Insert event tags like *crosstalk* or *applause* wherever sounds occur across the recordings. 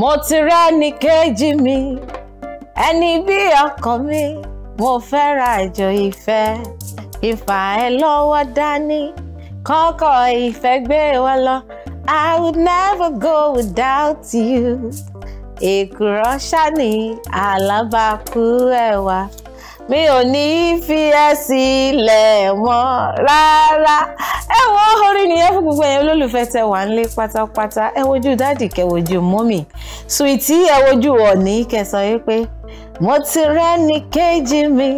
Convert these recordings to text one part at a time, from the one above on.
mo ti rẹ́ni kejì mi ẹni bí ọkọ mi mo fẹ́ ra àjò ìfẹ́ ìfà ẹ lọ́wọ́ dání kọ́kọ́ ìfẹ́ gbé wa lọ I would never go without you èkùrọ́ ṣáni alábàákú ẹ̀wà. E mi ò ní fi ẹ́ sílẹ̀ mọ́ rárá ẹ wo orin nìyẹn fún gbogbo ẹ̀yin olólùfẹ́ tẹ wà nílé pátápátá ẹ wojú dáàdì kẹ wojú mọ́mì Sweety ẹ wojú Ọ̀ní kẹsàn-án yìí pé mo ti rẹ́ni kejì mi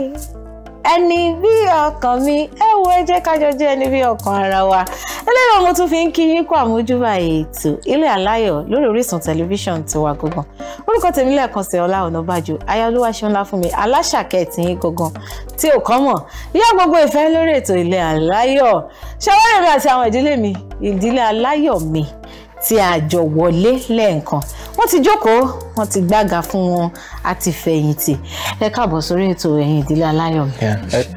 ẹni bí ọkàn mi ẹ wo ẹ jẹ́ kájọ jẹ́ ẹni bí ọkàn ara wa eléyìí mo tún fi ń kí yín kó àmójúbà ètò ilé aláyọ̀ lórí Orísun tẹlifíṣàn tiwa gangan orúkọ tèmi lẹ́ẹ̀kan sí Ọlá Ọ̀nàbàjò ayálúwà ṣọlá fún mi aláṣàkẹ́ tí yín gangan tí ò kọ́ mọ̀ yá gbogbo ìfẹ́ lórí ètò ilé aláyọ̀ ṣàwárí mi àti àwọn ìdílé mi ìdílé aláyọ̀ mi tí a jọ wọlé lẹ́ẹ̀kan wọ́n ti jókòó wọ́n ti gbága fún wọn a ti fẹ̀yìntì ẹ káàbọ̀ sórí ètò ẹ̀yìn ìdílé aláyọ̀.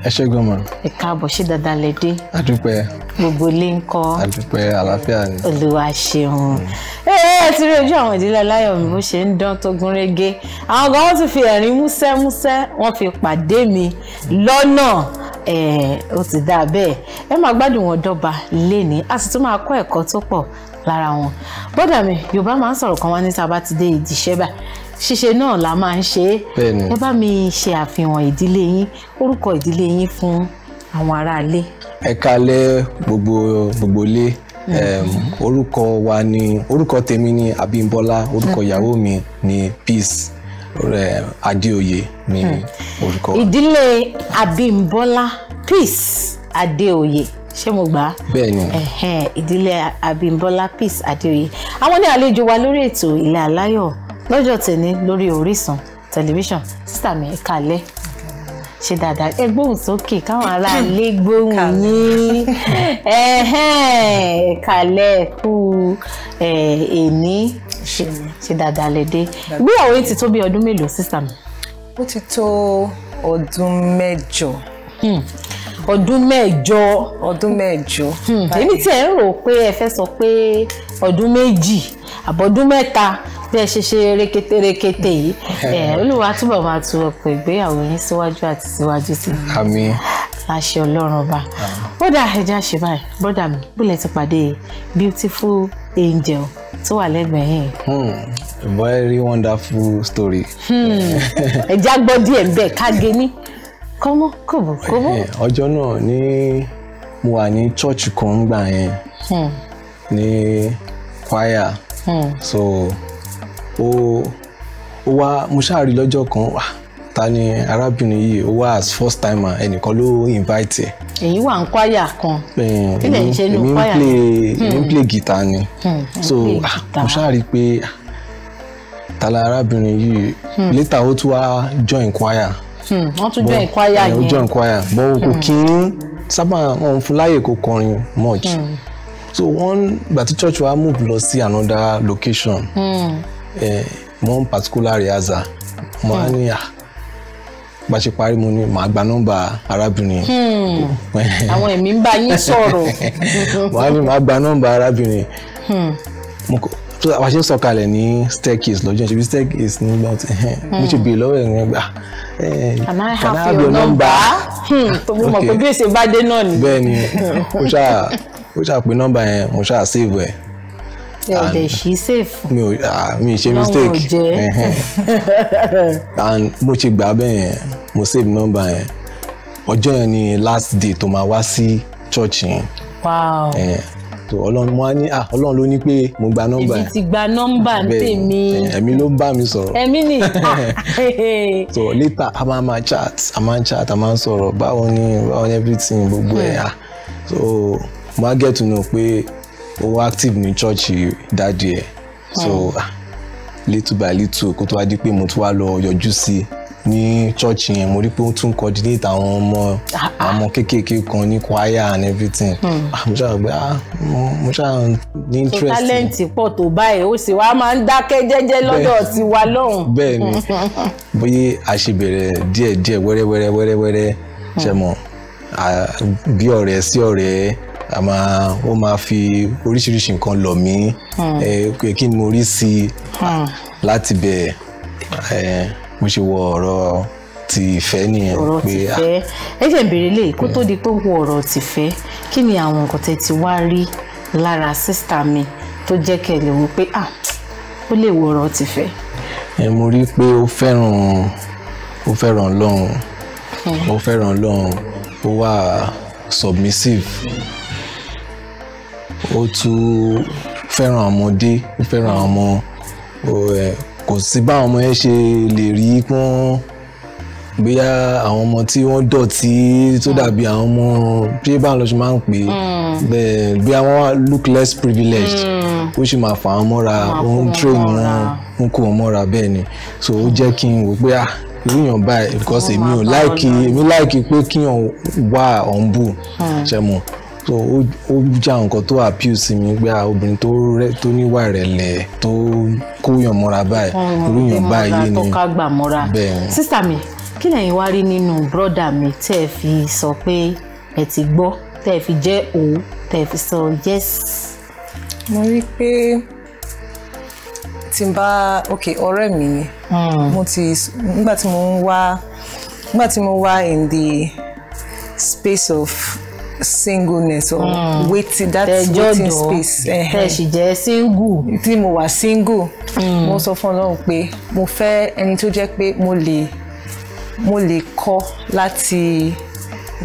ẹ ṣe gbọmọ. ẹ káàbọ̀ ṣé dáadáa lẹ dé. àdúpẹ́. gbogbo ilé ń kọ́. àdúpẹ́ àlàáfíà ni. olúwa ṣeun. Mm. ẹ ẹ ti rí ojú àwọn ìdílé aláyọ̀ mi bó ṣe ń dán tó gún régé àwọn kan wọ́n ti fi ẹ̀rín músẹ́músẹ́ wọ́n fi pàdé mi lọ́nà ó ti dáa bẹ́ẹ̀ ẹ máa gbádùn wọn dọ́ba lénìí a sì tún máa kọ́ ẹ̀kọ́ tó pọ̀ lára wọn bọ́dà mi yorùbá máa ń sọ̀rọ̀ kan wá ní sábà ti dé ìdíṣẹ́ bá ṣíṣe náà la máa ń ṣe é ẹ bá mi ṣe àfihàn ìdílé yín orúkọ ìdílé yín fún àwọn aráalé. ẹ kalẹ gbogbo gbogbo ilé mm. orúkọ wa ni orúkọ tèmi ni Abímbọ́lá orúkọ mm. ìyàwó mi ni Peace Adéoyè ni mm. orúkọ. ìdílé Abímbọ́lá Peace Adéoyè ṣé mo gbà á. bẹ́ẹ̀ni. ìdílé Abímbọ́lá Peace Adéoyè àwọn ní àlejò wa lórí ètò Ilé Aláyọ̀ lọ́jọ́ tẹ̀ní lórí Orísun tẹlifíṣàn sísà mi kálẹ̀ ṣe dáadáa ẹ gbóhùn sókè káwọn aráalé gbóhùn yín kálẹ̀ kú èní ṣe dáadáa lẹ́dẹ́ ìgbéyàwó yìí ti tó bí ọdún mélòó sísà mi. ó ti tó ọdún mẹ́jọ. Hmm ọdún mẹ́jọ. ọdún mẹ́jọ. Hmm, èmi tí ẹ ń rò pé ẹ fẹ́ sọ pé ọdún méjì àbọ̀dún mẹ́ta bí ẹ ṣe ṣe rekete rekete yìí *laughs* olúwa túbọ̀ máa tu ọ̀pọ̀ ìgbéyàwó yín síwájú àti síwájú sí i. àmín. àṣẹ ọlọ́run ọba ó dá ẹja ṣe báyìí bọ́dà mi bílẹ̀ ti pàdé beautiful angel tó wà lẹ́gbẹ̀ẹ́ yẹn. Hmm, very wonderful story. Hmm. *laughs* ẹja gbọ́ díẹ̀ bẹ́ẹ̀ ká gé ní kọ́mọ́ kòbòkòbò. ọjọ́ náà ní mo wà ní chọ́ọ̀chì kan ń gbà yẹn ní kwaya so ó ó wá mo ṣáàrí lọ́jọ́ kan wà ta ni arábìnrin yìí ó wá as first timer ẹnìkan ló invite ẹ̀. èyí wà ń kwaya kan kílẹ̀ ń ṣe kwaya ni èmi ń hmm. play guitar ni hmm, so ah, mo ṣáàrí pé ah, tala arábìnrin yìí hmm. later ó tún wá join kwaya. Hmm. Hmm, wọ́n tún join choir yẹn ó join choir bọ́ kò hmm. kí n sábà wọn fún láyè kó kọrin much hmm. so one gbà tí church wa move lọ sí another location one particular rehearsal mo á ní à bá ṣe parí mo ní màá gba nọ́mbà arábìnrin. *laughs* àwọn ẹ̀mí ń bá yín sọ̀rọ̀. màá ní màá gba nọ́mbà arábìnrin tó àwọn àṣẹ ń sọ̀kalẹ̀ ní staircase lọ́jọ́ ṣe bí staircase ní gbọ́n ti mo ṣe bèè lọ́wọ́ ẹ̀rìn ẹgbà ah, eh, can I have your number tó hmm, mo mọ̀ pé bí èsè bá dé náà ni. bẹ́ẹ̀ ni mo ṣáà mo ṣáà pé nọ́mbà yẹn mo ṣáà save ẹ̀ ọ̀dẹ̀ ṣí safe. mi ò mi ṣe mistake and mo ṣe gbà bẹ́ẹ̀ yẹn mo save number yẹn ọjọ́ yẹn ni last day tó máa wá sí church yẹn. wow tó ọlọ́run mo á ní à ah, ọlọ́run ló ní pé mo gba nọ́mbà yẹn ibi ti gba nọ́mbà tèmi ẹ̀mí ló ń bá mi sọ̀rọ̀ ẹ̀mí ni *laughs* *laughs* so later a máa máa chat a máa chat a máa sọ̀rọ̀ báwo ni báwo ni everything gbogbo ẹ̀ à ah. so mo á get to know pé ó wá active ní church dáadé ẹ̀ so ah, little by little kó tó wá di pé mo tún wá lọ yọjú sí i ní church yẹn mo rí pé ó tún coordinate àwọn ọmọ ah, ah. àwọn kéékèèké kan ní choir and everything hmm. ah, mo ṣáà gbé ah mo ṣáà ní interest. so talent pọ̀ tó báyìí ó sì wá máa ń dákẹ́ jẹ́jẹ́ lọ́dọ̀ tiwa lọ́hùn. bẹ́ẹ̀ ni *laughs* bóyá a ṣe bẹ̀rẹ̀ díẹ̀ díẹ̀ wẹ́rẹ́wẹ́rẹ́ wẹ́rẹ́wẹ́rẹ́ hmm. ṣe mọ̀ bí ọ̀rẹ́ sí ọ̀rẹ́ a máa ó máa fi oríṣiríṣi nǹkan lọ̀ mí hmm. kí ni mo rí sí i láti bẹ̀ ẹ́ mo ṣe wọ ọ̀rọ̀ ti ìfẹ́ nìyẹn ọ̀rọ̀ ti ah. fẹ́ ẹ jẹ́ bèrè lè kó tó di pé wọ ọ̀rọ̀ ti fẹ́ kí ni àwọn nǹkan tẹ́ ti wá rí lára sísítà mi tó jẹ́ kẹ́ lè pé ah ó lè wọ ọ̀rọ̀ ti fẹ́. ẹ mo rí i pé ó fẹ́ràn ó fẹ́ràn Ọlọ́run ó fẹ́ràn Ọlọ́run ó wà submissive ó tún fẹ́ràn ọmọdé ó fẹ́ràn ọmọ kò sí báwọn ọmọ yẹn ṣe lè rí pọ́n bóyá àwọn ọmọ tí wọ́n dọ̀tí tó mm. dàbí àwọn ọmọ bí báwọn lọ ṣe máa ń pè é mm. bóyá wọ́n look less privileged mm. ó sì máa fà wọ́n mọ́ra ó ń train wọn ń kó wọn mọ́ra bẹ́ẹ̀ ni so ó jẹ́ kí n wò pé ah ríyàn báyìí because èmi ò láìkí èmi láìkí pé kíyàn wà ọ̀nbù ṣe mọ̀ so ó já nǹkan tó appeal sí mi pé ah, obìnrin tó rẹ tó níwà ìrẹ̀lẹ̀ tó kóyàn mọ́ra báyìí irúyàn báyìí ni bẹ́ẹ̀ ni. sísà mi kí lẹ́yìn wá rí nínú bọ́dà mi tẹ́ ẹ fi sọ pé ẹ ti gbọ́ tẹ́ ẹ fi jẹ́ òun tẹ́ ẹ fi sọ yes. mo rí i pé tí n bá ok ọ̀rẹ́ mi ni hmm. mo ti nígbà tí mo ń wá nígbà tí mo wá in the space of singleness or mm. waiting that waiting space. tẹ ṣì jẹ́ single. tí mo wà single. Hmm. mo sọ fún Ọlọ́run pé mo fẹ́ ẹni tó jẹ́ pé mo lè mo lè kọ́ láti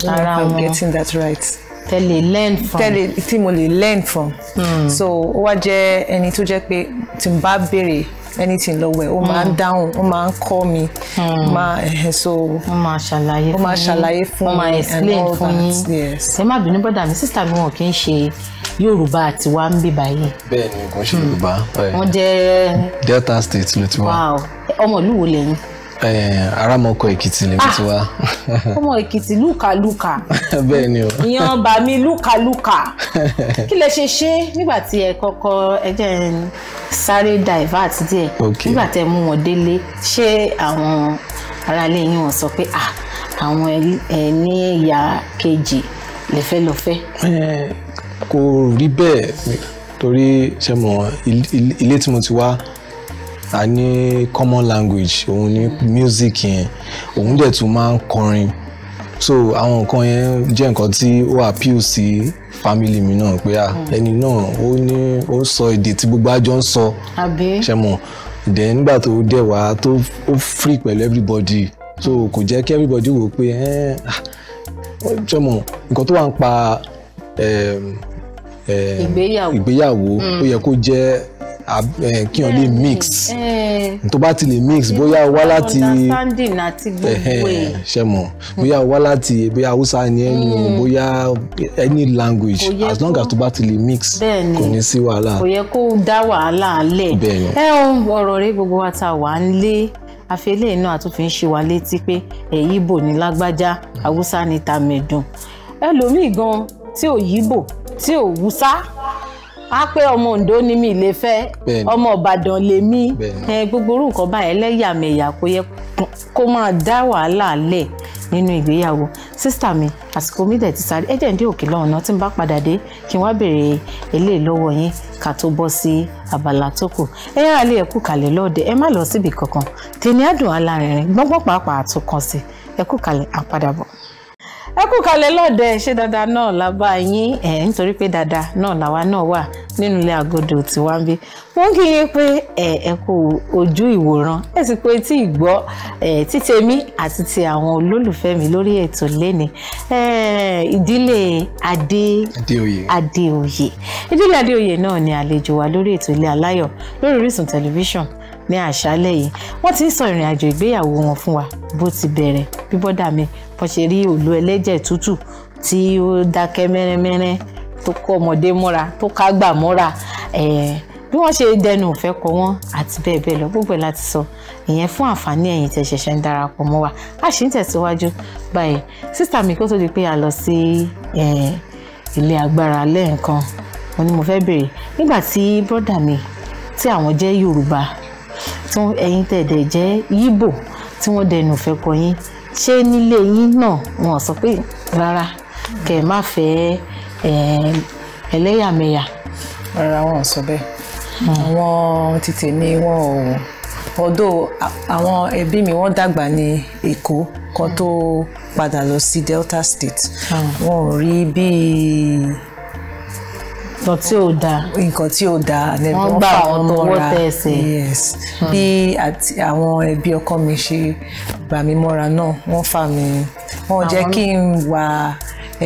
ara wọn getting that right tẹ́lẹ̀ learn from tẹ́lẹ̀ tí mo lè learn from. Mm. so ó wá jẹ́ ẹni tó jẹ́ pé tí n bá béèrè anything lọ́wọ́ ẹ̀ ó máa ń hmm. dáhùn ó máa ń kọ́ mi hmm. máa eh, so ó máa ṣàlàyé fún mi ó máa ṣàlàyé fún mi ó máa explain fún yín ẹ má bínú bọ́dà mi sísà mi wọn kì í ṣe yorùbá àti wa ń bí báyìí. bẹ́ẹ̀ni kò ṣe hmm. yorùbá. wọn jẹ. delta state ló ti wá. ọmọ ìlú Aramoko ekiti lèmi ti ah! wá. *laughs* ọmọ èkìtì lùkàlùkà. *laughs* bẹ́ẹ̀ ni o. ìyàn bà mí lùkàlùkà. kí lẹ ṣe ṣe nígbà tí ẹ kọ́kọ́ ẹ jẹ́ sáré divert díẹ̀ nígbà tẹ mú wọn délé ṣé àwọn aráalé yín wọn sọ pé àwọn ẹni ìyá kejì lè fẹ́ eh, kò rí bẹ́ẹ̀ torí ṣe mọ̀ ilé tí mo ti wá a ní common language òun ní music yẹn òun dẹ̀ tún máa ń kọrin so àwọn nǹkan yẹn jẹ́ nǹkan tí ó appeal sí family mi náà pé à ah, mm. ẹni náà ó ní ó sọ èdè tí gbogbo àjọ ń sọ ṣe mọ̀ then nígbà tó dẹ̀ wá tó ó free pẹ̀lú everybody so kò jẹ́ kí everybody wò pé eh, ah, ṣe mọ̀ nǹkan tó wà ń pa ìgbéyàwó mm. ó yẹ kó jẹ́ Eh, kí wọ́n lè mix tó bá ti lè mix bóyá o wá láti ṣe mọ̀ bóyá o wá láti bóyá Hausa ni ẹnu mm. bóyá any language as long as tó bá ti lè mix kò ní sí wàhálà. kò yẹ kó dá wàhálà lẹ̀ ẹ ohun ọ̀rọ̀ rẹ gbogbo wa ta wà ń lé àfẹlẹ́ iná àtúnfin ṣe wá létí pé ẹ̀yí bò ní lágbájá Hausa ni tàmẹ̀dùn ẹlòmíì gan tí ò yíbò tí ò wúsá á pé ọmọ Ondo ni mi lè fẹ́ ọmọ Ìbàdàn lè mí gbogbo orú nǹkan báyẹn lẹ́yàmẹ̀yà kò yẹ kó máa dá wàhálà lẹ̀ nínú ìgbéyàwó sísítà mi àsìkò mi dẹ̀ ti sáré ẹ̀jẹ̀ ń dé òkè lọ́hùn náà tí n bá padà dé kí n wá béèrè eléyìí lọ́wọ́ yín ká tó bọ́ sí abala tó kù ẹ yára lé ẹkú kalẹ̀ lọ́ọ̀dẹ ẹ má lọ síbi kankan tèmi á dùn alárinrin gbọ́ngbọ́n pàápàá àtúnkàn sí ẹkú kalẹ̀ àpadàbọ̀ ẹ kú kalẹ̀ lọ́dẹ ṣé dáadáa náà la bá yín ẹ̀ nítorí pé dada, náà làwa náà wà nínú ilé agodo tiwa ń bí wọ́n kí yín pé ẹ ẹ kú ojú ìwòran ẹ sì pé tí ìgbọ́ ẹ ti tèmi àti ti àwọn olólùfẹ́ mi lórí ètò lẹ́ni ẹ ìdílé adé adéoyè ìdílé adéoyè náà ni àlejò wa lórí ètò ilé aláyọ̀ lórí Orísun tẹlifíṣàn ní àṣálẹ́ yìí wọ́n ti ń sọ ìrìn àjò ìgbéyàwó wọn fún wa bó ti bẹ̀rẹ̀ bí bọ́dà mi wọ́n ṣe rí òòlù ẹlẹ́jẹ̀ tútù tí ó dákẹ́ mẹ́rẹ́mẹ́rẹ́ tó kó ọmọdé mọ́ra tó kágbà mọ́ra bí wọ́n ṣe dẹnu òfẹ́ kọ wọ́n àti bẹ́ẹ̀ bẹ́ẹ̀ lọ gbogbo ẹ̀ láti sọ ìyẹn fún àǹfààní ẹ̀yin tẹ̀ ṣẹ̀ṣẹ̀ ń darapọ̀ mọ́ wa a sì ń tẹ̀síwájú báyìí sísà mi kó tó di pé a lọ sí ilé agbára lẹ́ẹ̀kan mo ní mo fẹ́ bèrè nígbà tí bọ́dà mi tí àwọn jẹ́ Yorùbá tí ẹ̀yin tẹ̀ jẹ́ Yíbò tí wọ́n dẹnu òfẹ́ kọ yín ṣé nílé yín náà wọn sọ pé rárá kẹ má fẹ́ ẹlẹ́yàmẹ̀yà. rárá wọn ò sọ bẹ́ẹ̀ hmm. àwọn tètè ni wọn ò ọdọ àwọn ẹbí mi wọ́n dàgbà ní Èkó kan tó padà lọ sí Delta State hmm. wọn ò rí bíi nǹkan tí ò dáa nǹkan tí ò dáa wọ́n gbà wọ́n tọwọ́ yes hmm. bí àwọn ẹbí ọkọ mi ṣe gbà mí mọ́ra náà wọ́n fà mí wọ́n jẹ́ kí n wà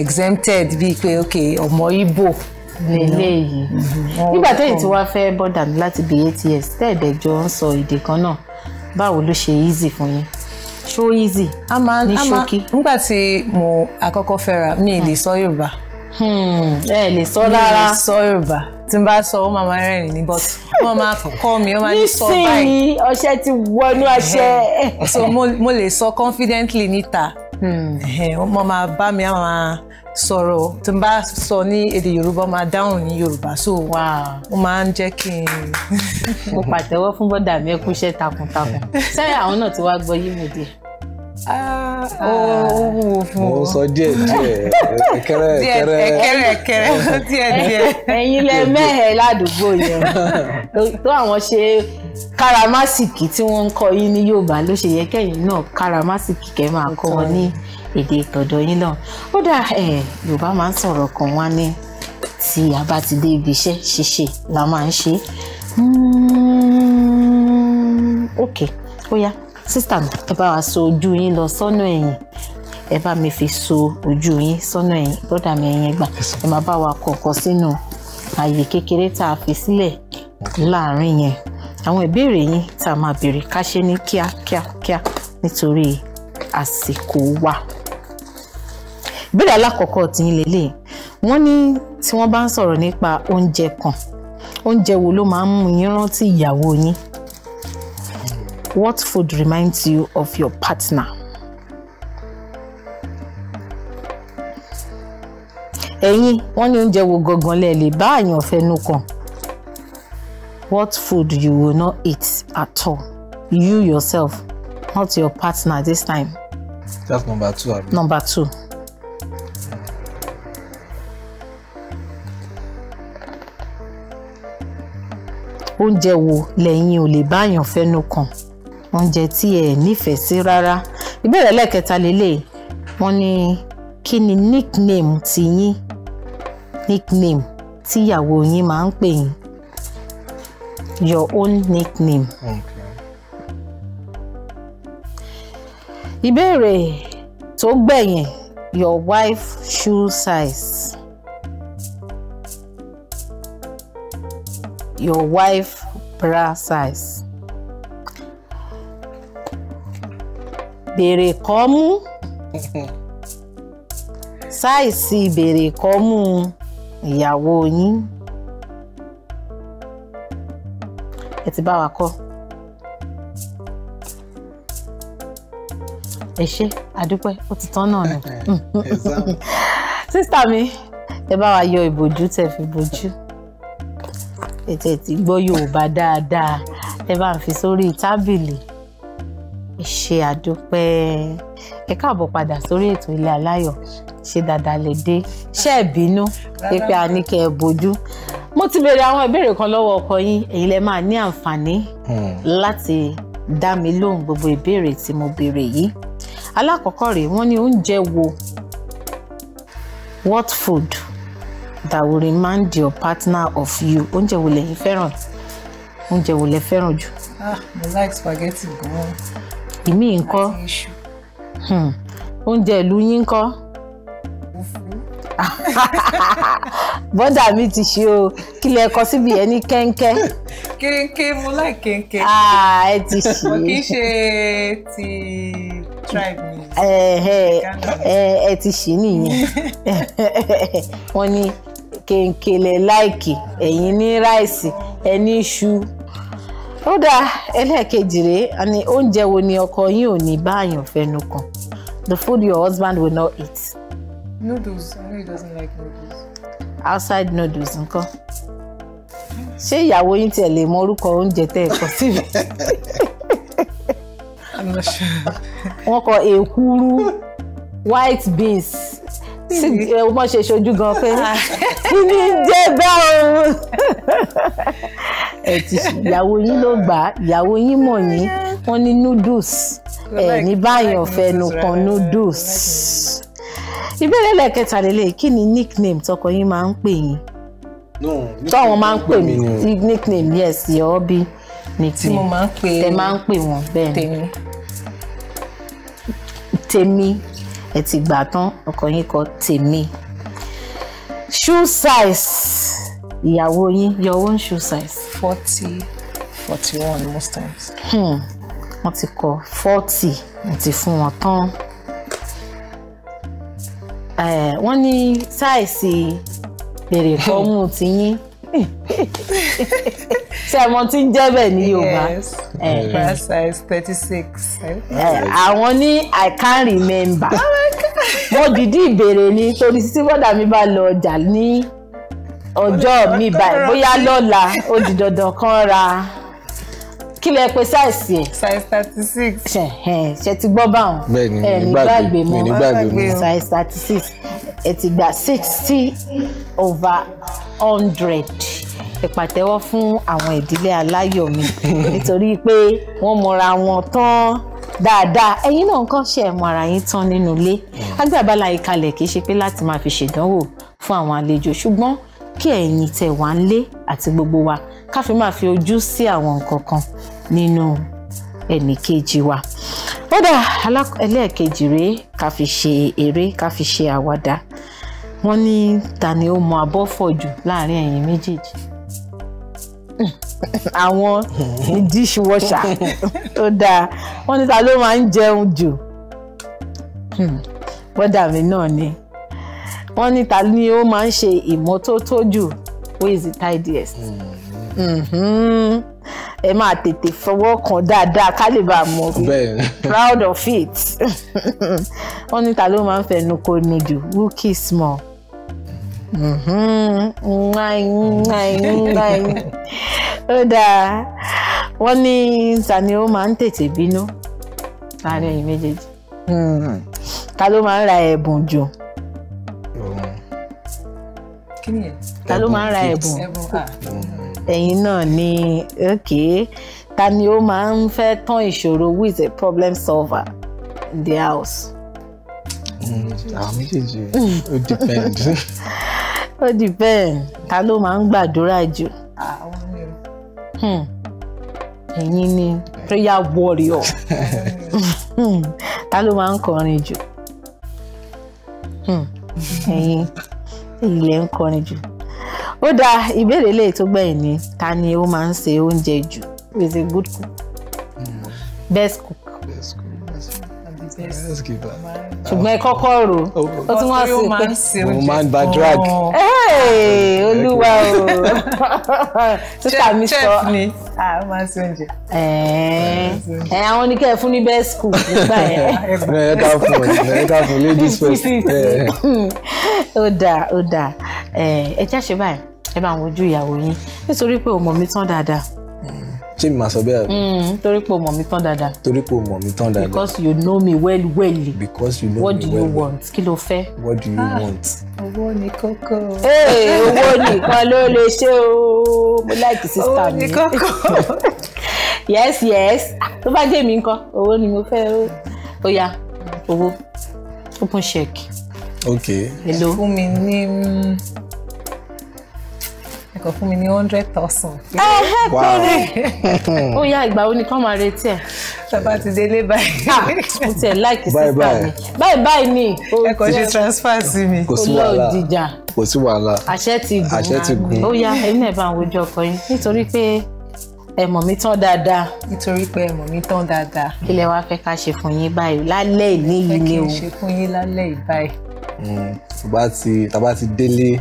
exempted bíi pé ok ọmọ Ìgbò lélẹ́yìí mm-hmm. nígbà tẹ́yìn tí wàá fẹ́ bọ́dà mi láti bí eight years tẹ́ẹ̀dẹ̀jọ ń sọ èdè kan náà báwo ló ṣe easy fún yín ṣó easy ní ṣókí. nígbà tí mo àkọ́kọ́ fẹ́ra mi ì lè hmm. sọ Yorùbá. ẹ hmm. eh, lè sọ rárá sọ yorùbá tí n bá sọ ó máa máa n'i ní bọ́tù wọ́n máa mi ó máa ní sọ báyìí nísìnyí ọṣẹ ti wọnú ọṣẹ. Eh, so mo lè sọ confidently níta hmm. eh, wọ́n máa bá mi á máa tí n bá sọ ní èdè yorùbá máa dáhùn ní yorùbá so máa ń mo pàtẹ́wọ́ fún bọ́dà mi ẹ takuntakun sẹ́yìn *laughs* àwọn náà ti wá gbọ́ ó wúwo fún un. mo sọ díẹ̀ díẹ̀ ẹ̀kẹ́rẹ́ *laughs* ẹ̀kẹ́rẹ́ ẹ̀kẹ́rẹ́ ẹ̀kẹ́rẹ́ *laughs* díẹ̀ díẹ̀. ẹ̀yin lẹ mẹhẹ ládùúgbò yẹn tó àwọn ṣe káràmásìkì tí wọ́n ń kọ́ yín ní Yorùbá ló ṣe yẹ kẹ́yìn náà káràmásìkì kẹ́ máa kọ́ wọn ní èdè tọ̀dọ̀ yín náà ó dà Yorùbá máa ń sọ̀rọ̀ kan wá ní tí a bá ti dé ibi iṣẹ́ ṣíṣe la máa ń ṣe ókè hmm, ó yá. Okay sísítà mi ẹ bá wa so ojú yín lọ sọ́nà ẹ̀yìn ẹ bá mi fi so ojú yín sọ́nà ẹ̀yìn bọ́dà mi ẹ̀yìn ẹgbà ẹ máa bá wa kọ̀ọ̀kan sínú ààyè kékeré tá a fi sílẹ̀ láàrin yẹn àwọn ìbéèrè yín tá a máa béèrè ká ṣe ní kíákíákíá nítorí àsìkò wa. ìbéèrè alákọ̀ọ́kọ́ tí ń lélẹ̀ wọ́n ní tí wọ́n bá ń sọ̀rọ̀ nípa oúnjẹ kan oúnjẹ wo ló máa ń mú yín rántí ìyàwó yín What food reminds you of your partner? Ẹ̀yin wọ́n ní oúnjẹ wo gangan lẹ lè bá àyàn fẹnu kàn. What food you will not eat at all? You yourself, not your partner this time. That's number two. Abi. Number two. Oúnjẹ wo lẹ́yìn ò lè bá àyàn fẹnu kàn? oúnjẹ tí ẹ nífẹ̀ẹ́ sí rárá ìbéèrè lẹ́ẹ̀kẹta lélẹ̀ wọ́n ní kí ni nickname ti yín nickname tíyàwó yín máa ń pè yín your own nickname. ìbéèrè tó gbẹ̀yìn your wife shoe size. your wife bra size. bèrè kọ́mú ṣáìsì bèrè kọ́mú ìyàwó yín ẹ ti bá wa kọ́ ẹ ṣé àdúpẹ́ ó ti tán náà ni sísítà *laughs* mi ẹ bá wa yọ ìbòjú tẹ fi bòjú ètè tí gbọ́ Yorùbá dáadáa ẹ bá ń fi sórí tábìlì ṣe àdúpẹ́ ẹ káàbọ̀ padà sórí ètò ilé aláyọ̀ ṣe dáadáa lè dé ṣe é bínú pépé a bójú mo ti béèrè àwọn ìbéèrè kan lọ́wọ́ ọkọ yín èyí lẹ máa ní àǹfààní hmm. láti dá mi lóhùn gbogbo ìbéèrè tí mo béèrè yìí alákọ̀ọ́kọ́ rèé wọ́n ní oúnjẹ wo what food that will remind your partner of you oúnjẹ wo lẹ́yìn fẹ́ràn oúnjẹ wo lẹ fẹ́ràn jù. ah mo like spaghetti gan-an ìmí ńkọ́ hmm. oúnjẹ ìlú yín ńkọ́ *laughs* bọ́dà mi ti ṣe o kí lẹ kọ síbi yẹn ní kẹ́ńkẹ́. kéńké mo láì kéńké. ẹ ti ṣe. mo kì í ṣe ti tribe mi. ẹ ti ṣe nìyẹn *laughs* wọ́n ní kéńké lẹ láìkì ẹ̀yin ní ráìsì ẹ ní iṣu ó dáa ẹlẹ́ẹ̀kejì rèé ni oúnjẹ wo ni ọkọ yín ò ní báàyàn fẹnu kàn the food your husband will not eat. noodles i know he doesn't like noodles. outside noodles nǹkan ṣé ìyàwó yín tiẹ̀ lè mọ orúkọ oúnjẹ tẹ́ ẹ̀ kọ́ síbi. wọ́n kọ èkúrú white beans sí ẹ mọ̀ ṣe ṣojú gan pé ah. kí ni jẹ́ bá òun ẹ ti ìyàwó yín ló gbà ìyàwó yín mọ̀ yín wọ́n ní noodles ẹ ní báyọ̀ fẹnu kan noodles. ìbéèrè lẹ́ẹ̀kẹta lélẹ̀ kí ni nickname tọkọ yín máa ń pè yín. tọ́wọ́n máa ń pè mí nickname yes your hobby nickname tí mo máa ń pè tẹ máa ń pè wọ́n bẹ́ẹ̀ ni tèmi ẹ ti gbà tán ọkọ yín kọ tèmi shoe size ìyàwó yín your own shoe size forty forty one most times. Hmm. wọ́n ti kọ forty àti fún wọn tán. Eh, wọ́n ní sáìsì bèrè kọ́mú ti yín *laughs* ṣé ẹ mọ̀ tí ń jẹ́ bẹ́ẹ̀ ní Yorùbá. class eh. size thirty six. Eh, àwọn ní I can't remember oh mo dìídì ìbéèrè ni torí títí bọ́dà mi bá lọ ọjà ní ọjọ́ mi báyìí bóyá lọ́la ó di dandan kan ra kí lẹ pè size ẹ. size thirty six. ṣe ti gbọ́ báwọn. bẹ́ẹ̀ni mi ní gbàgbé mi ní size thirty six ẹ ti gba sixty over hundred ìpàtẹ́wọ́ fún àwọn ìdílé aláyọ̀ mi nítorí pé wọ́n mọra wọn tán dáadáa ẹ̀yin náà nǹkan ṣe ẹ̀ mọ ara yín tán nínú ilé agbábala ìkalẹ̀ kì í ṣe pé láti máa fi ṣèdánwò fún àwọn àlejò ṣùgbọ́n kí ẹ̀yin tẹ̀ wá ń lé àti gbogbo wa ká fi máa fi ojú sí àwọn nǹkan kan nínú ẹnì kejì wa kódà ẹlẹ́ẹ̀kejì rèé ká fi ṣe eré ká fi ṣe àwàdà wọ́n ní ta ni ó mọ abọ́ jù láàrin ẹ̀yin méjèèjì *laughs* àwọn dishwasher tó dáa wọ́n ní ta ló máa ń jẹun jù hmm, bọ́dà mi náà ni wọ́n ní ta ni ó máa ń ṣe ìmọ́tótó jù who is the tidiest. Mm-hmm. ẹ máa tètè fọwọ́ kan dáadáa ká lè bàa mọ̀ bí proud of it. *laughs* wọ́n ní ta ló máa ń fẹnu kò nu jù who kiss more. ó dáa wọ́n ní ta ni ó máa ń tètè bínú láàárín ẹ̀yin méjèèjì mm-hmm. ta ló máa ń ra ẹ̀bùn jù kí nìyẹn. ta ló máa ń ra ẹ̀bùn ah. ẹ̀yin náà ni òkè ta ni ó máa ń fẹ́ tán ìṣòro with a problem solver in the house. Hmm, àwọn méjèèjì ó depend. *laughs* ó depend ta ló máa ń gbàdúrà jù. Ah, hmm. ẹ̀yin ni prayer warrior *laughs* hmm. ta ló máa ń kọrin jù. ẹ̀yin ilẹ̀ ń kọrin jù ó dá ìbéèrè lè tó gbẹ̀yìn ni ta ni ó máa ń ṣe oúnjẹ jù is a good mm. cook best cook ṣùgbọ́n ẹ kọ́kọ́ rò oh. ó tí wọ́n sì pé mo máa ń ba drag. olúwa o títà mi sọ chef ni a máa ń ṣe oúnjẹ. ẹ àwọn ní kẹ́ ẹ fún ní best cook nígbà yẹn. *laughs* ẹ ká fún ẹ ká fún ladies *laughs* first ó dáa ó dáa ẹ já ṣe báyìí ẹ bá ń wojú ìyàwó yín nítorí pé o mọ̀ mi tán dáadáa. ṣé mi máa sọ bẹ́ẹ̀. Mm, torí pé o mọ̀ mi tán dáadáa. torí pé o mọ̀ mi tán dáadáa. because you know me well well. because you know what me well well. what do you want kí ló fẹ́. what do you ah. want. owó ni kókó. ee owó nìkan ló lè ṣe o mo like sister mi. owó ni kókó. *laughs* yes yes tó bá jẹ́ mi nǹkan owó ni mo fẹ́ o ó yá owó open check ok hello fún mi ní mm, ẹ̀kọ́ fún mi ní hundred thousand. ẹ̀hẹ́ bẹ̀rẹ̀ *laughs* ó yá ìgbà wo ni kán máa retí ẹ̀. bàbá ti délé báyìí. mo tiẹ̀ láìkì sísá mi báyìí báyìí ni. ẹ̀kọ́ ṣe transfer sí mi. kò sí wàhálà olóòdìjà kò sí wàhálà àṣẹ ti gùn àṣẹ ti gùn. ó yá ẹ̀yin náà bá ń wojú ọkọ yín nítorí pé ẹ̀mọ̀ mi tán dáadáa. nítorí pé ẹ̀mọ̀ mi tán dáadáa. kí lẹ wá fẹ́ ká ṣe fún yín báyìí lálẹ́ ìní yìí ni o. fẹ́ kí n ṣe fún yín lálẹ́ ì tá bá ti délé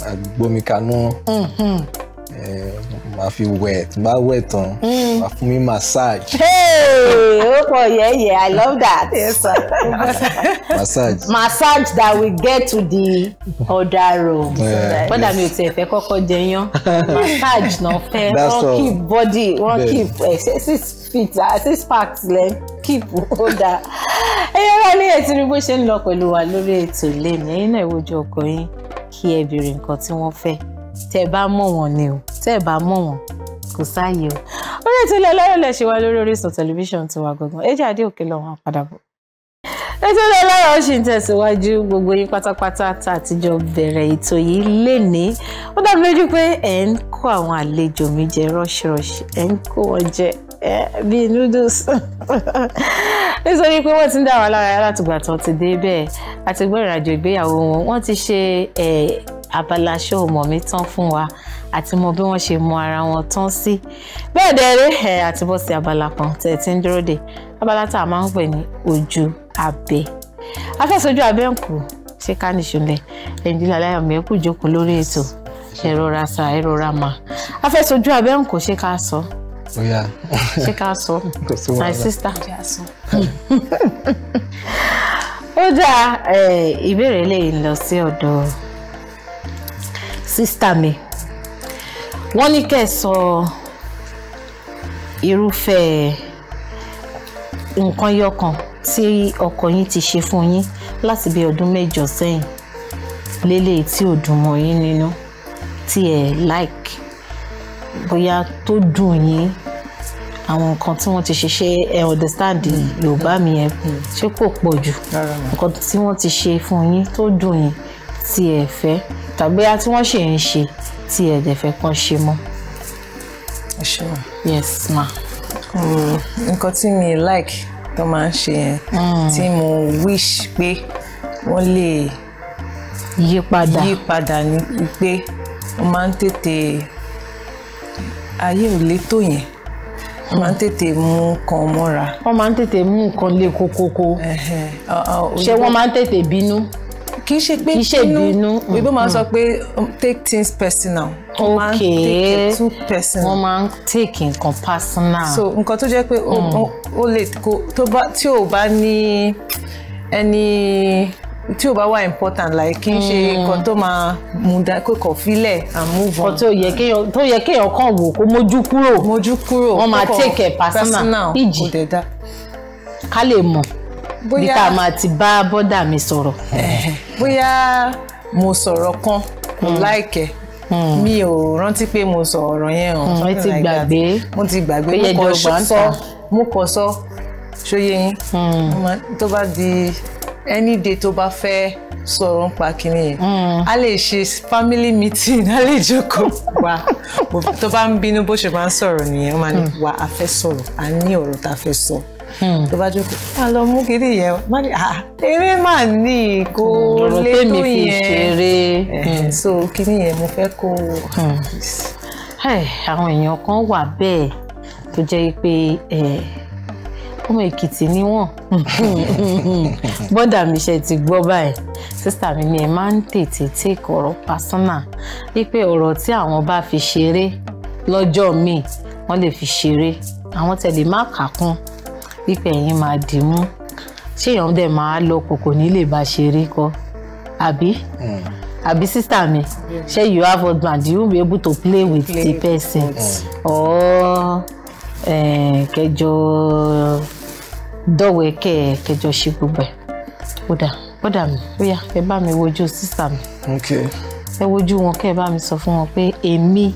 àgbómi mm-hmm. kaná. Mm-hmm. Eh, máa fi wet. tí wet wẹ̀ tán mm. máa fún mi massage. ó pọ̀ yẹ́yẹ́ i love that. yes sir. massage. massage that we get to the other room. bọ́dà mi ò tiẹ̀ fẹ́ kọ́kọ́ jẹyán massage náà fẹ́ wọ́n keep body wọ́n keep eh, six feet ah, six packs lẹ́ keep kódà. ẹyẹ wá ní ètò ìrìbó ṣe ń lọ pẹ̀lú wa lórí ètò ìlẹ́yìn ẹ̀yin náà ìwojú ọkọ̀ yín kí ẹ bèrè nǹkan tí wọ́n fẹ́ tẹ́ ẹ bá mọ̀ wọ́n ni o tẹ́ ẹ bá mọ̀ wọ́n kò sáàyè o. orí ètò ilẹ̀ lọ́rọ̀ lẹ̀ ṣe wá lórí Orísun tẹlifíṣàn tiwa gangan èjì àdé òkè lọ́wọ́ padà bọ̀. ètò ilẹ̀ lọ́rọ̀ ṣì ń tẹ̀síwájú gbogbo yín pátápátá tá a ti jọ bẹ̀rẹ̀ ètò yìí lénìí ó dàbí lójú pé ẹ̀ ń kó àwọn àlejò mi jẹ rọ́ṣirọ́ṣi ẹ̀ ń kó wọn jẹ bíi noodles *laughs* nítorí pé wọ́n ti ń dá wa lára yá látìgbà tán ti dé bẹ́ẹ̀ àti gbọ́ ìrìnàjò ìgbéyàwó wọn wọ́n ti ṣe abala ṣé o mọ̀ mí tán fún wa àti mọ bí wọ́n ṣe mọ ara wọn tán sí bẹ́ẹ̀ dẹ́rẹ́ ẹ̀ àti bọ́ sí abala kan tẹ̀ tí ń dúró dè abala tá a máa ń pè ní ojú abẹ afẹ́sọ́jú abẹ́ ń kù ṣé ká nìṣó lẹ̀ ẹ̀ǹdílẹ̀ aláyọ̀mí jókòó lórí ètò ẹ̀rọra sa ẹ̀rọra mà afẹ́sọ́jú abẹ́ ń kù ṣé ká sọ ṣé ká sọ my sister ó dáa ìbéèrè lè lọ sí ọ̀dọ̀ sísítà mi wọ́n ní kẹ́ ẹ̀ sọ irúfẹ́ nǹkan yọkan tí ọkọ yín ti ṣe fún yín láti bí ọdún mẹ́jọ sẹ́yìn lélẹ̀ tí ò dùn mọ́ yín nínú tí ẹ̀ like bóyá tó dùn yín àwọn nǹkan tí wọ́n ti ṣe ṣe ẹ understand yorùbá mi ẹ ṣé kò pọ̀ jù nǹkan tí wọ́n ti ṣe fún yín tó dùn yín tí ẹ fẹ́ tàbí tí wọ́n ṣì ń ṣe tí ẹ dẹ̀ fẹ́ kàn ṣe mọ́. ẹ ṣeun. yes ma. Hmm, nǹkan tí mi like tó máa ń ṣe yẹn hmm. tí mo wish pé wọ́n lè yí padà yí padà ní pé wọ́n máa ń tètè ayé ò lè tó yẹn wọ́n máa ń tètè mú nǹkan mọ́ra. wọ́n máa ń tètè mú nǹkan lé kókókó ṣé wọ́n máa ń tètè bínú kì í ṣe pé bínú òyìnbó máa sọ pé um, take things personal wọ́n máa ń take it too personal wọ́n máa take nǹkan personal. so nǹkan tó jẹ́ pé ó mm. lè tí ò bá ní ẹni tí o bá wà important like kí n ṣe mm. nǹkan tó máa mú da kó kàn filẹ̀ and move on. tó yẹ kéèyàn tó yẹ kéèyàn kàn wò kó mójú kúrò mójú kúrò wọ́n máa take ẹ̀ personal ìjì ká lè mọ̀ bí ká máa ti bá bọ́dà mi sọ̀rọ̀. bóyá mo sọ̀rọ̀ kan kò hmm. láìkẹ́ hmm. mi ò rántí pé mo sọ ọ̀rọ̀ yẹn o. Hmm, mo ti gbàgbé mo ti gbàgbé mo kọ sọ mo kọ sọ ṣóyé yín tó bá di any day tó bá fẹ́ sọ̀rọ̀ ń pa kínní yẹn a lè ṣe family meeting a lè jókòó wa *laughs* tó bá ń bínú bó ṣe máa ń sọ̀rọ̀ nìyẹn wọn máa ní wa a fẹ́ sọ̀rọ̀ a ní ọ̀rọ̀ tá a fẹ́ sọ. Hmm. tó bá jókòó wà lọ mú kiri yẹn má ní à ah, eré mà ní kó lé tó yẹn eh, hmm. so kiri yẹn mo fẹ́ kó. Hmm. àwọn èèyàn kan wà bẹ́ẹ̀ tó jẹ́ pé eh, ọmọ èkìtì ni wọ́n *laughs* bọ́dà mi ṣe ti gbọ́ báyìí sísà mi ni ẹ máa ń tètè take ọ̀rọ̀ pásánà wípé ọ̀rọ̀ tí àwọn bá fi ṣeré lọ́jọ́ míì wọ́n lè fi ṣeré àwọn tẹ̀lé má kà kún wípé ẹ̀yin máa dì í mú ṣéèyàn dẹ̀ máa lọ kò kò ní lè bá ṣe rí kọ́ àbí hmm. àbí sísá mi ṣé you have husband you be able to play with play the person mm. or eh, kẹjọ dọ̀wẹ́kẹ̀ kẹjọ ṣe gbogbo ẹ̀ kódà kódà mi bóyá ẹ bá mi wojú sísá mi ẹ wojú wọn kẹ́ ẹ bá mi sọ fún wọn pé èmi.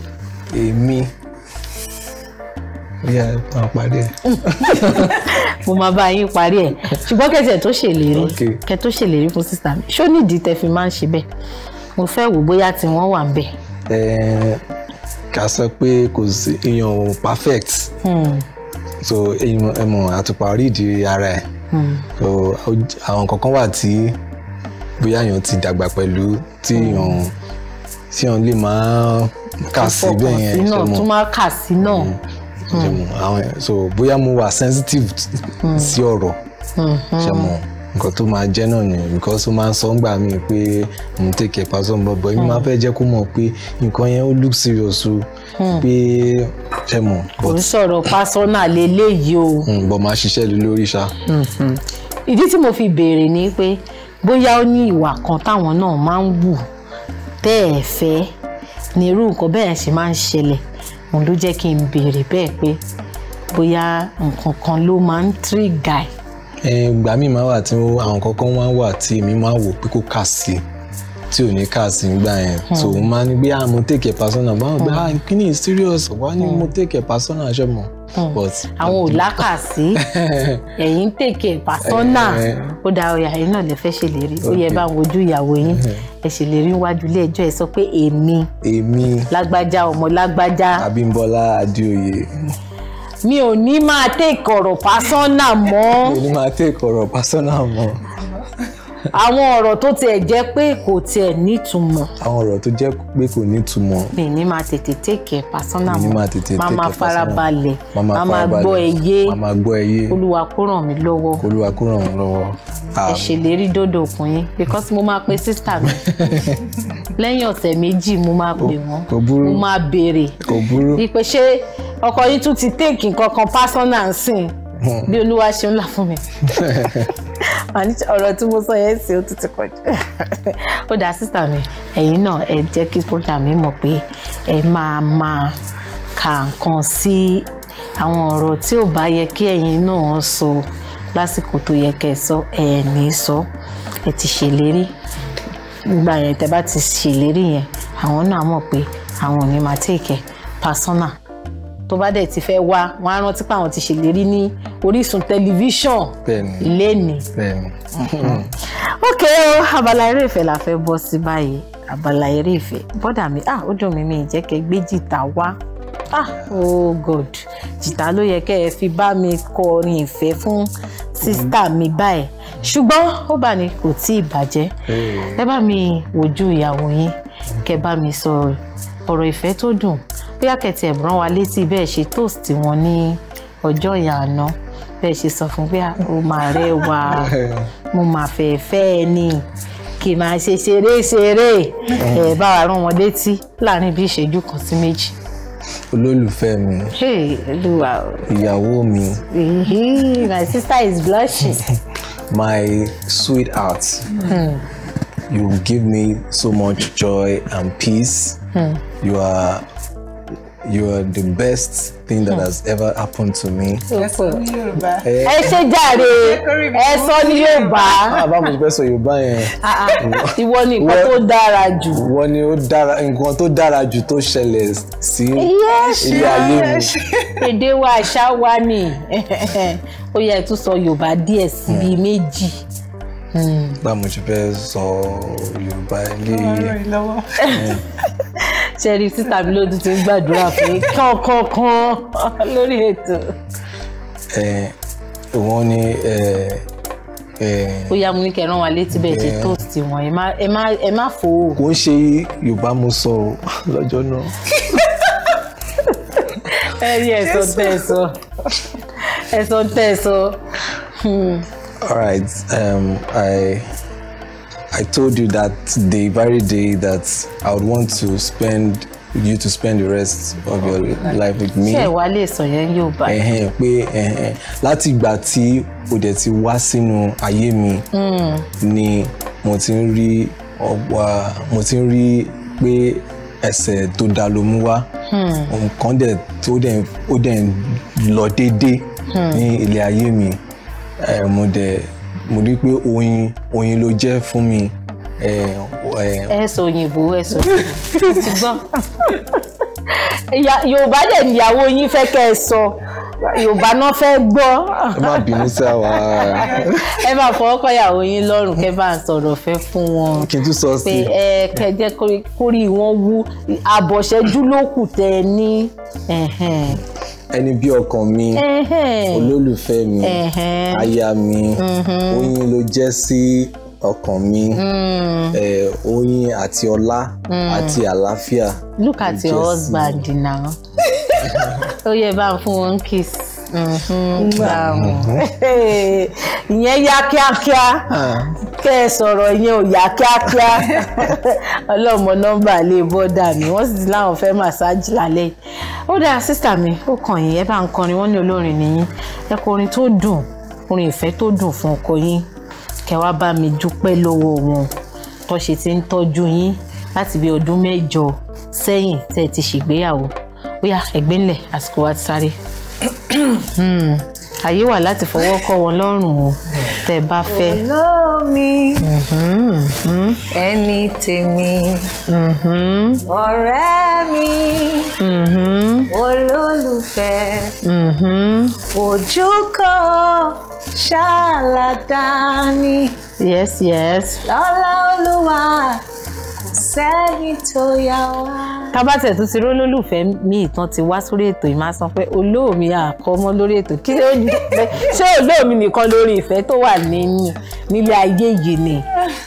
èmi bóyá máa parí ẹ. *laughs* mo máa bá yín parí ẹ̀ ṣùgbọ́n kẹ́tẹ̀ tó ṣèlérí kẹ́ tó ṣèlérí fún sísá mi ṣó nídìí tẹ́ fi máa ń ṣe bẹ́ẹ̀ mo fẹ́ wò bóyá tí wọ́n wà bẹ́ẹ̀. ẹ ká sọ pé kò sí èèyàn ò perfect hmm. so ẹ mọ àtùpà orí ìdí ara ẹ hmm. so àwọn kankan wà tí bóyá èèyàn ti dàgbà pẹ̀lú tí hmm. èèyàn tí èèyàn lè máa kà sí bẹ́ẹ̀ yẹn. ìfọkànsí náà tún máa kà sí náà Hmm. so bóyá mo wà sensitive hmm. sí ọ̀rọ̀ hmm. ṣe nǹkan tó máa jẹ́ náà ni because ó máa ń sọ ń gbà mí pé mo take care person but but èmi máa fẹ́ jẹ́ kó mọ̀ pé nǹkan yẹn ó look serious o pé ẹ kò ń sọ̀rọ̀ personal lélẹ́yìí o. bọ̀ máa ṣiṣẹ́ lórí ṣá. ìdí tí mo fi béèrè ni pé bóyá ó ní ìwà kan táwọn náà máa ń wù tẹ́ ẹ̀ fẹ́ ni irú nǹkan bẹ́ẹ̀ ṣe máa ń ṣẹlẹ̀ òun ló jẹ́ kí n béèrè bẹ́ẹ̀ pé bóyá nǹkan kan ló máa ń tírígà ẹ̀. ìgbà míì máa wà tí àwọn kankan máa wà tí èmi máa wò pé kò kà sí tí ò ní kà sí gbà yẹn tó hmm. o máa ní bí a ah, mo take a personal báwọn gbé hmm. ah kí ni serious wá ní hmm. mo take a personal ṣe mọ. àwọn ò lákàsí *laughs* ẹ̀yin take a personal eh. ó dáa ọ̀yà ẹ̀yin náà lè fẹ́ ṣèlérí ó yẹ bá wojú ìyàwó yín ẹ rí wájú ilé ẹjọ́ ẹ sọ pé èmi èmi lágbájá ọmọ lágbájá Abímbọ́lá Adéoyè mi ò ní máa tẹ̀ ìkọ̀rọ̀ pásánà mọ́ mi ò ní máa tẹ̀ ìkọ̀rọ̀ pásánà mọ́ àwọn ọ̀rọ̀ tó tiẹ̀ jẹ́ pé kò tiẹ̀ nítumọ̀. àwọn ọ̀rọ̀ tó jẹ́ pé kò nítumọ̀. mi ní máa tètè tèkè pàṣánà mọ́ máa máa farabalẹ̀ máa máa gbọ́ ẹyé olúwa kó ràn mí lọ́wọ́. olúwa kó ràn mí lọ́wọ́. ẹ ṣèlérí dòdò òkun yín because mo máa pe sísítà mi lẹ́yìn ọ̀sẹ̀ méjì mo máa pè wọ́n mo máa béèrè ìpè ṣé ọkọ yín tún ti tèkì nǹkan kan pàṣánà bí olúwa ṣe ń là fún mi. *laughs* ọ̀rọ̀ tí mo sọ yẹn sí ó ti ti pọ̀jù. ó dáa sísà mi ẹ̀yin náà ẹ jẹ́ kí program mi mọ̀ pé ẹ máa máa ka nǹkan sí àwọn ọ̀rọ̀ tí ò bá yẹ kí ẹ̀yin náà sọ lásìkò tó yẹ kẹ́ ẹ sọ ẹ sọ ẹ ti ṣèlérí nígbà yẹn bá ti ṣèlérí yẹn àwọn náà mọ̀ pé àwọn ò ní máa tẹ̀kẹ́ personal tó bá dẹ̀ ti fẹ́ wá wọn á rántí pé àwọn ti ṣèlérí ní Orísun tẹlifíṣàn lẹ́ni. *laughs* ok o abala eré ìfẹ́ la fẹ́ bọ́ sí báyìí abala eré ìfẹ́ bọ́dà mi ah ó dùn mí mi ìjẹ́ kẹ́ gbé jìtá wá ah oh god jìtá ló yẹ kẹ́ ẹ fi bá mi kọrin ìfẹ́ fún sísítà mi báyìí ṣùgbọ́n ó bá ní kò tí ì bàjẹ́ ẹ bá mi wojú ìyàwó yín kẹ́ bá mi sọ ọ̀rọ̀ ìfẹ́ tó dùn bóyá kẹ̀tì ẹ̀bùrán wa létí bẹ́ẹ̀ ṣe toast wọn ní ọjọ́ ìyànà bẹ́ẹ̀ ṣe sọ fún pé ah, o máa rẹwà mo máa fẹ́ fẹ́ ẹ ní kì í máa ṣe ṣeré ṣeré ẹ bá wa rán wọn létí láàrin bí ìṣẹ́jú kan sí méjì. olólùfẹ́ mi ìyàwó mi. my sister is blushing. my sweetheart. Hmm. you give me so much joy and peace. Hmm. you are you are the best thing that has ever happened to me. Eh. ẹ sọ ní yorùbá. ẹ ah, ṣe jàre ẹ sọ ní yorùbá. àbá mo fẹ́ sọ yorùbá yẹn. Ah, ah. ìwọ ni nǹkan tó dára jù. ìwọ ni nǹkan tó dára jù tó ṣẹlẹ̀ sí ilé ayé mi. èdè wa àṣà wa ni *laughs* ó yẹ tún sọ yorùbá díẹ̀ síbi hmm. méjì hmm. bá mo ti fẹ́ sọ yorùbá ilé yìí. *laughs* ṣẹ́rí sísá mi lódún ti ń gbàdúrà fún mi kọ́kọ́kan lórí ètò. òun ni ó yá mo ní kẹrán wa létí bẹ́ẹ̀ ṣe tóòsì wọn ẹ má fò ó. kò ń ṣe Yorùbá mo sọ o lọ́jọ́ náà. ẹ rí ẹ̀sọ́ tẹ́ ẹ sọ ẹ̀sọ́ tẹ́ ẹ hmm. All right, um, I. I told you that the very day that I would want to spend you to spend the rest of your life with me. ṣé ìwà lè sọ yẹn yóò bá. ẹhẹn pé láti ìgbà tí o dẹ̀ ti wá sínú ayé mi hmm. ni mo ti ń rí ọgbà mo ti ń rí pé ẹsẹ̀ tó da ló mú wá hmm. nǹkan dẹ̀ tó dẹ̀ ó dẹ̀ lọ déédéé hmm. ní ilé ayé mi mo dẹ̀ mo rí pé oyin oyin ló jẹ́ fún mi. ẹ sọ òyìnbó ẹ sọ ṣùgbọ́n yorùbá dẹ̀ níyàwó yín fẹ́ kẹ́ ẹ sọ yorùbá náà fẹ́ gbọ́. ẹ má bínú sí àwa. ẹ máa fọwọ́ kọ́yàwó yín lọ́rùn kẹ́ bá ń sọ̀rọ̀ fẹ́ fún wọn. kì í tún sọ sí. pé ẹ kẹ jẹ́ kórìí wọn wú àbọ̀ṣẹ́jú ló ní ẹni bí ọkàn mi olólùfẹ́ mi aya mi mhm. oyin ló jẹ́ sí ọkàn mi hmm. oyin àti ọlá hmm. àti àlàáfíà. look at your husband now *laughs* ó yẹ bá fún wọn kiss. Mm-hmm. Mm-hmm. Mm-hmm. *laughs* ìyẹn yá kíákíá ah. kẹ ẹ sọ̀rọ̀ ìyẹn ò yá kíákíá *laughs* ọlọ́mọ nọ́mbà lè bọ́dà mi wọ́n sì ti láwọn fẹ́ màsáàjì lálẹ́ ó dáa sísà mi ó kàn yín ẹ bá ń kọrin wọ́n ní olórin nìyín ẹ kọ orin tó dùn orin ìfẹ́ tó dùn fún ọkọ yín kẹ wá bá mi dúpẹ́ lọ́wọ́ wọn tó ṣe ti ń tọ́jú yín láti bí ọdún mẹ́jọ sẹ́yìn tẹ́ ẹ ti ṣègbéyàwó bóyá ẹ̀gbẹ́lẹ̀ àsìkò wa ti sáré. Hmm. àyè wà láti fọwọ́ kọ́ wọn lọ́rùn o tẹ́ bá fẹ́. olómi hmm, hmm. ẹni tèmi ọ̀rẹ́ mi olólùfẹ́ ojúkọ ṣáàlàdá ni. yes yes. lọ́lá olúwa sẹ́ni tó yá wá. tábàtẹ̀ tó ti rólólùfẹ́ mi ìtàn ti wá sórí ètò ìmá sọ pé olóòmí àkọ́mọ́ lórí ètò kí ló dé ṣé olóòmí nìkan lórí ìfẹ́ tó wà nínú nílé ayé yìí ni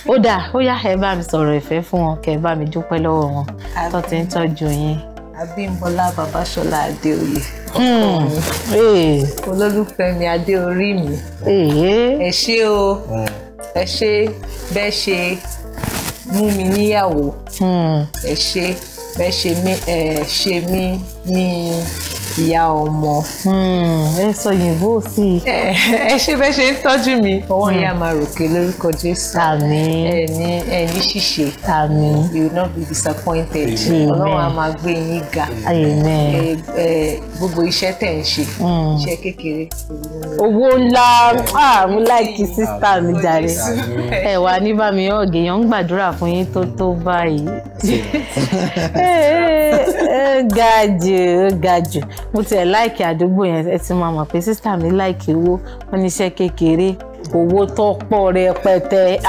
ó dáa ó yá ẹ bá mi sọ̀rọ̀ ìfẹ́ fún wọn kẹ́ ẹ bá mi dúpẹ́ lọ́wọ́ wọn tó ti ń tọ́jú yín. Abímbọ́lá Babáṣọlá Adéoyè hmm, eh. olólùfẹ́ mi adéorí mi eh, eh. ẹ ṣé o hmm. ẹ ṣé bẹ́ẹ̀ ṣe mú mi níyàwó hmm. ẹ ṣe bẹ́ẹ̀ ṣe mí ní ìyá ọmọ hmm, ẹ sọ yìnbó sí i. ẹ ṣe bẹ́ẹ̀ ṣe ń tọ́jú mi ọwọ́ ìyá máa ròkè lórúkọ jésù àmín ẹ ní ṣìṣe àmín you will not be disappointed ọlọ́run á máa gbé yín ga gbogbo iṣẹ́ tẹ̀ ń ṣe hmm. iṣẹ́ kékeré. owó ńlá ah, mo láìkí sísítà mi jàre ẹ wà ní bá mi ọ̀gẹ̀ yẹn ń gbàdúrà fún yín tó tó báyìí *laughs* eh, eh, ó ga jù ga jù mo tiẹ̀ láìkì àdúgbò yẹn ẹ ti máa mọ̀ pé sísá mi láìkì owó wọn ní iṣẹ́ kékeré owó tó pọ̀ rẹpẹtẹ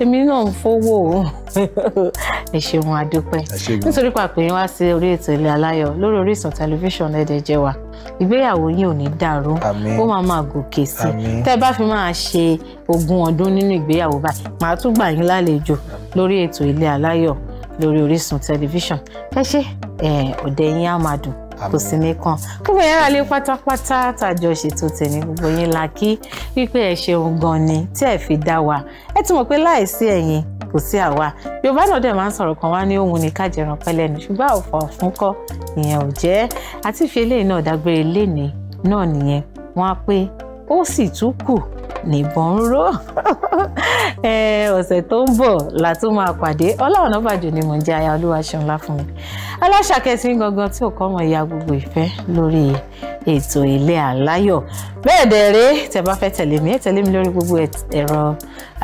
èmi náà ń fowó *laughs* ẹ ṣeun adúpẹ́ nítorí pàpẹ́ yín wá sí orí ètò Ilé Aláyọ̀ lórí Orísun tẹlifíṣàn ẹ̀dẹ̀ jẹ́ wa ìgbéyàwó yín ò ní dàrú ó máa máa gòkè sí i tẹ́ ẹ bá fi máa ṣe ogún ọdún nínú ìgbéyàwó báyìí màá tún gbà yín lálejò lórí ètò Ilé Aláyọ̀ lórí Orísun tẹlifíṣàn ẹ ṣe ọ̀dẹ̀ yín á máa dùn kò sì ní kàn gbogbo yẹn rà lé pátápátá tàjọ ṣètò tèmi gbogbo yẹn la kí wípé ẹ ṣeun gan ni tí ẹ fi dá wa ẹ ti mọ̀ pé láìsí ẹ̀yin kò sí àwa yorùbá náà dẹ̀ máa ń sọ̀rọ̀ kan wá ní òun ní kájẹran pẹ́lẹ́ ni ṣùgbọ́n àwòfọ̀ fún kọ́ ìyẹn ò jẹ́ àti fi eléyìí náà dágbére lénìí náà nìyẹn wọ́n á pé ó sì tún kù nìbọn ń ró *laughs* ọ̀sẹ̀ tó ń bọ̀ la tún máa pàdé Ọlá Ọ̀nàbàjò ni mò ń jẹ́ aya Olúwaṣeun Ọláfúnmi aláṣà kẹsìn gangan tí ò kọ́ mọ̀ ìyá gbogbo ìfẹ́ lórí ètò ilé àláyọ̀ bẹ́ẹ̀ dẹ̀ ré tẹ́ bá fẹ́ tẹ̀lé mi ẹ tẹ̀lé mi lórí gbogbo ẹ̀rọ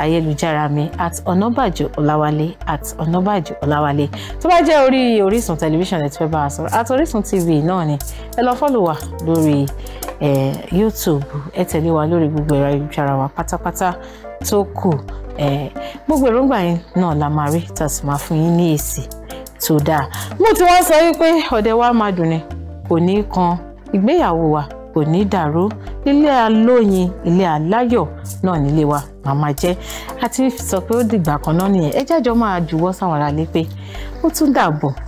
ayélujára mi at ọ̀nàbàjò ọ̀làwálé at ọ̀nàbàjò ọ̀làwálé tó bá jẹ́ orí orísun tẹlifíṣàn ẹ ti fẹ́ bá a sọ̀rọ̀ at orísun tv náà ni ẹ lọ fọ́lù wa lórí youtube ẹ tẹ̀lé wa lórí gbogbo ẹ̀rọ ayélujára wa pátápátá tó kù gbogbo èròǹgbà yẹn náà la máa rí tá a sì máa fún yín ní èsì tó dáa mo ti wá sọ wípé ọ̀dẹ̀ wa máa dùn ni kò ní kan ìgbéyàwó wa kò ní dàrú ilé alóyin ilé aláyọ̀ náà nílé wa màmá jẹ́ a ti sọ pé ó dìgbà kan náà nìyẹn ẹ jájọ máa jùwọ́ sáwọn aráalé pé ó tún dàbọ̀